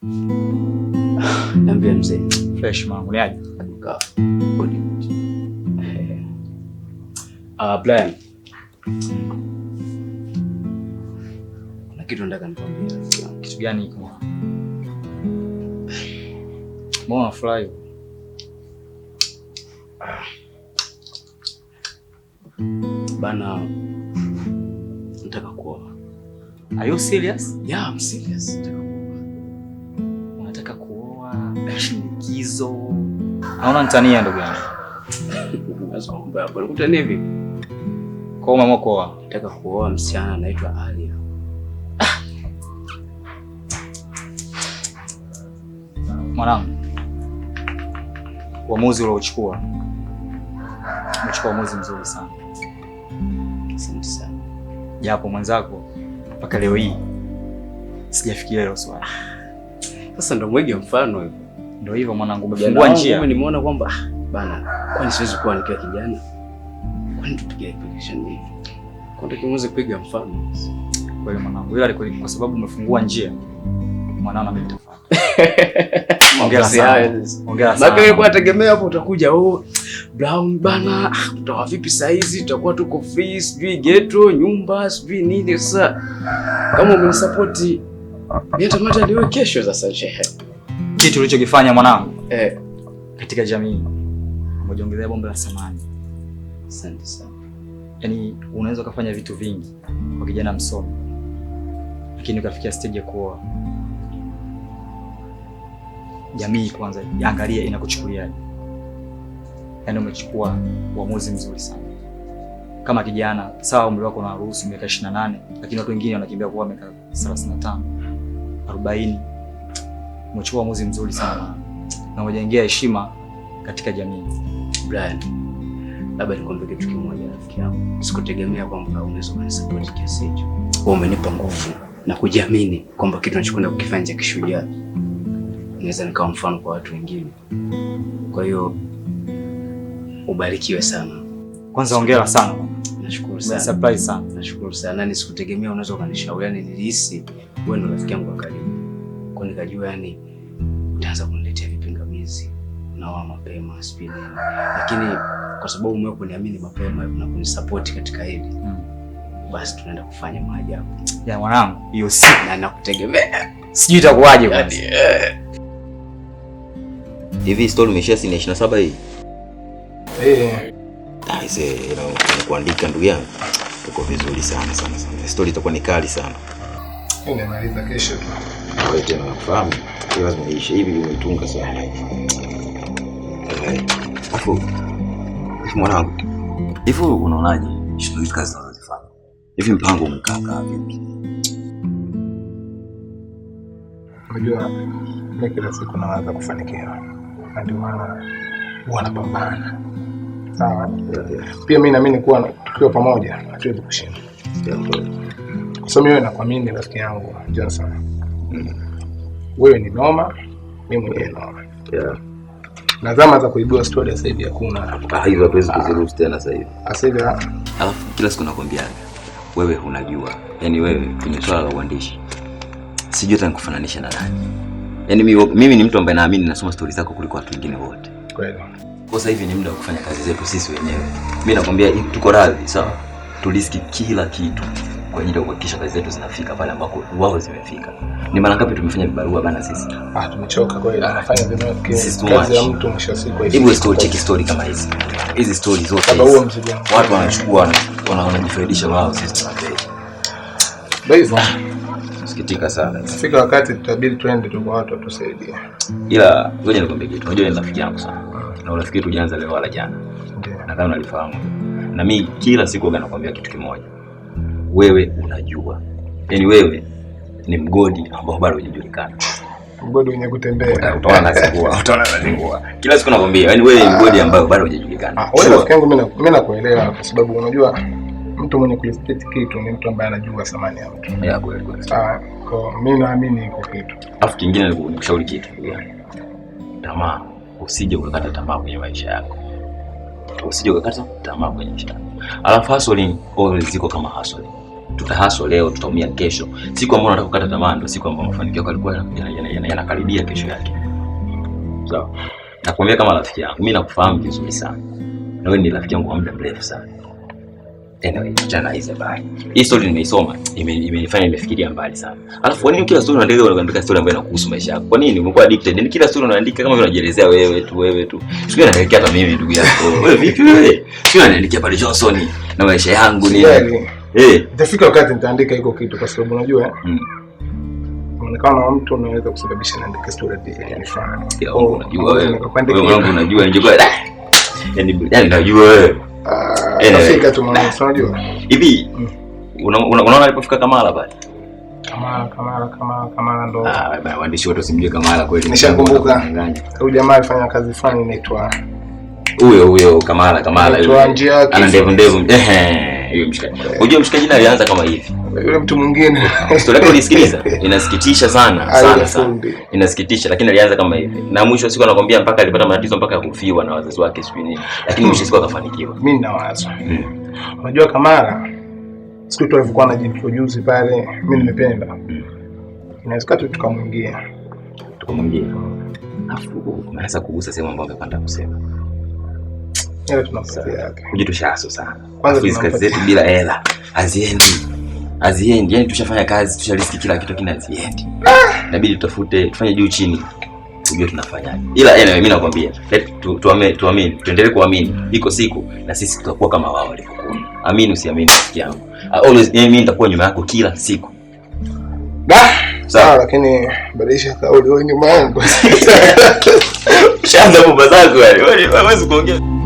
Niambia mzee. Fresh mwanangu, niaje? Ah, Brian. Kuna kitu nataka nikwambie. Kitu gani hiko? Mbona fly? Bana, nataka kuoa. Are you serious? Yeah, I'm serious. Nataka likizo. Naona nitania ndugu yangu. Unakutania vipi? Kwa mama kwa. Nataka kuoa msichana anaitwa Alia. Mwanangu. Uamuzi uliochukua. Umechukua uamuzi mzuri sana. Asante sana. Japo mwenzako mpaka leo hii sijafikia hilo swali. Sasa ndo mwege mfano hivyo. Ndio hivyo mwanangu, umefungua njia. Mimi nimeona kwamba ah, bana, kwani siwezi kuwa nikiwa kijana? Kwani tupige application hivi? Kwani tukiweza kupiga mfano. Kwa hiyo mwanangu, yule alikuwa kwa sababu umefungua njia. Mwanao na mimi tufuata. Ongea sana. Ongea sana. Lakini nilikuwa nategemea hapo utakuja, oh Brown bana, ah, tutawa vipi saa hizi? Tutakuwa tuko free, sijui ghetto, nyumba, sijui nini sasa. Kama umenisupport, mimi tamata leo kesho sasa, shehe kitu ulichokifanya mwanangu eh, katika jamii umejiongezea bomba la samani. Asante sana. Yaani unaweza ukafanya vitu vingi kwa kijana msomi, lakini ukafikia stage ya kuoa. Jamii kwanza iangalie inakuchukuliaje. Yaani umechukua uamuzi mzuri sana kama kijana. Sawa, umri wako unaruhusu miaka 28, lakini watu wengine wanakimbia kuwa miaka 35, 40 umechukua uamuzi mzuri sana ah. na umejengea heshima katika jamii. Brian, labda nikwambie kitu kimoja rafiki yangu, sikutegemea kwamba unaweza kunisapoti kiasi hicho. Wewe umenipa nguvu na kujiamini kwamba kitu nachokwenda kukifanya cha kishujaa naweza nikawa mfano kwa watu wengine. Kwa hiyo ubarikiwe sana. Kwanza hongera sana. Nashukuru sana. Surprise sana. Nashukuru sana. Nani sikutegemea unaweza kunishauri, yani nilihisi wewe ndo rafiki yangu wa karibu nikajua yani utaanza kuniletea vipingamizi naoa mapema spidi, lakini kwa sababu umeweza kuniamini mapema na kunisupport katika hili mm. Basi tunaenda kufanya maajabu ya mwanangu, hiyo si na nakutegemea, sijui itakuwaje basi. Eh. Hivi story imeishia sini 27 hii eh, aise, ah, na kuandika ndugu yangu, uko vizuri sana sana sana. Story itakuwa ni kali sana, nimemaliza kesho tu wewe tena unafahamu, hiyo lazima iishe hivi, umeitunga sana hivi. Eh, mwanangu, hivi unaonaje shughuli hizi kazi tunazozifanya hivi, mpango umekaka vipi? Unajua mimi kila siku nawaza kufanikiwa, na ndio maana huwa napambana. Sawa, pia mi naamini kuwa tukiwa pamoja hatuwezi kushinda, kwa sababu wewe na rafiki yangu Johnson Mm. wewe ni noma, mimi mwenyewe noma. Yeah. Na zama za kuibua story sasa hivi hakuna. Ah, hizo hatuwezi kuziruhusu tena sasa hivi. Ah, Asiga. alafu kila siku nakwambia wewe unajua. Yaani wewe kwenye swala la uandishi. Sijui hata nikufananisha na nani. Yaani mimi, mimi ni mtu ambaye naamini nasoma story zako kuliko watu wengine wote. Kweli. Kwa sasa hivi ni muda wa kufanya kazi zetu sisi wenyewe. Mimi nakwambia tuko radhi, sawa? Tuliski kila kitu kwa ajili ya kuhakikisha kazi zetu zinafika pale ambako wao zimefika. Ni mara ngapi tumefanya vibarua bana sisi? Ah, tumechoka kwa kweli. Anafanya ah, kazi ya mtu mwisho siku. Hebu story check story kama hizi. Hizi story zote. Sababu huo Watu wanachukua wanajifaidisha wao sisi tunapenda. Ndio hivyo. Ah, Sikitika sana. Fika wakati tutabidi twende tu kwa watu watusaidie. Ila ngoja nikwambie kitu. Unajua ni rafiki yangu sana. Ah. Na urafiki tujaanza leo wala jana. Nadhani unalifahamu. Na mimi kila siku nakwambia kitu kimoja wewe unajua, yaani wewe ni mgodi ambao bado hujajulikana, mgodi wenye kutembea, utaona na nazingua, utaona na nazingua kila siku nakwambia, yaani wewe ni ah. mgodi ambao bado hujajulikana. Ah, rafiki yangu, mimi nakuelewa kwa sababu unajua mtu mwenye kuestate kitu ni mtu ambaye anajua thamani ya mtu. Ya kweli kweli. Ah, kwa mimi naamini iko kitu. Alafu kingine nikushauri kitu. Tamaa, usije ukakata tamaa kwenye maisha yako. Usije ukakata tamaa kwenye maisha yako. Alafu hustling always ziko kama hustling tutahaswa leo, tutaumia kesho. Siku ambayo unataka kukata tamaa ndio siku ambayo mafanikio yako yalikuwa yanakaribia kesho yake. Sawa. So, Nakwambia kama rafiki yangu, mimi nakufahamu vizuri sana. Na wewe ni rafiki yangu wa muda mrefu sana. Anyway, jana hizo bali. Hii story nimeisoma, imenifanya nimefikiria mbali sana. Alafu kwa nini kila story unaandika unaandika story ambayo inakuhusu maisha yako? Kwa nini umekuwa addicted? Ni yaani kila story unaandika kama unajielezea wewe tu wewe tu. Sikuwa naelekea hata mimi ndugu yako. Wewe vipi wewe? Sikuwa naelekea pale Johnson na maisha yangu ni. yeah eh, itafika wakati nitaandika hiko kitu, kwa sababu unajua eh? muonekano mm. wa mtu unaweza kusababisha niandike story oh, Unajua unajua ah! yaani unajua ah, ah! unajua hivi. Mm. Unaona alipofika Kamala pale Kamala, Kamala, Kamala, Kamala ndo. waandishi wote simjue Kamala kweli. Nishakumbuka. Huyu jamaa alifanya kazi fulani inaitwa huyo huyo Kamala, Kamala Ana ndevu ndevu. Ehe yule mshikaji. Unajua mshikaji naye alianza kama hivi. Yule mtu mwingine. Story yake ulisikiliza? Inasikitisha sana sana sana. Inasikitisha lakini alianza kama hivi. Na mwisho siku anakuambia mpaka alipata matatizo mpaka kufiwa na wazazi wake siku nini. Lakini mwisho siku akafanikiwa. Mimi nina wazo. Hmm. Unajua Kamara siku tu alivyokuwa anajiintroduce pale, mimi nimependa. Hmm. Inawezekana tu tukamwingia. Tukamwingia. Alafu unaweza kugusa sehemu ambayo amepanda kusema. Kuja tushaso sana. Kwanza hizo kazi zetu bila hela haziendi, haziendi. Yani tushafanya kazi, tushariski kila kitu, lakini haziendi. Inabidi tutafute, tufanye juu chini, tujue tunafanya. Ila anyway, mimi nakwambia tuamini, tuamini, tuendelee kuamini. Iko siku na sisi tutakuwa kama wao walivyokuwa. Amini usiamini, rafiki yangu, always mimi nitakuwa nyuma yako kila siku. Sawa, ah, lakini badilisha kauli wewe, nyuma yangu. Shaanza mambo zako wewe, wewe huwezi kuongea.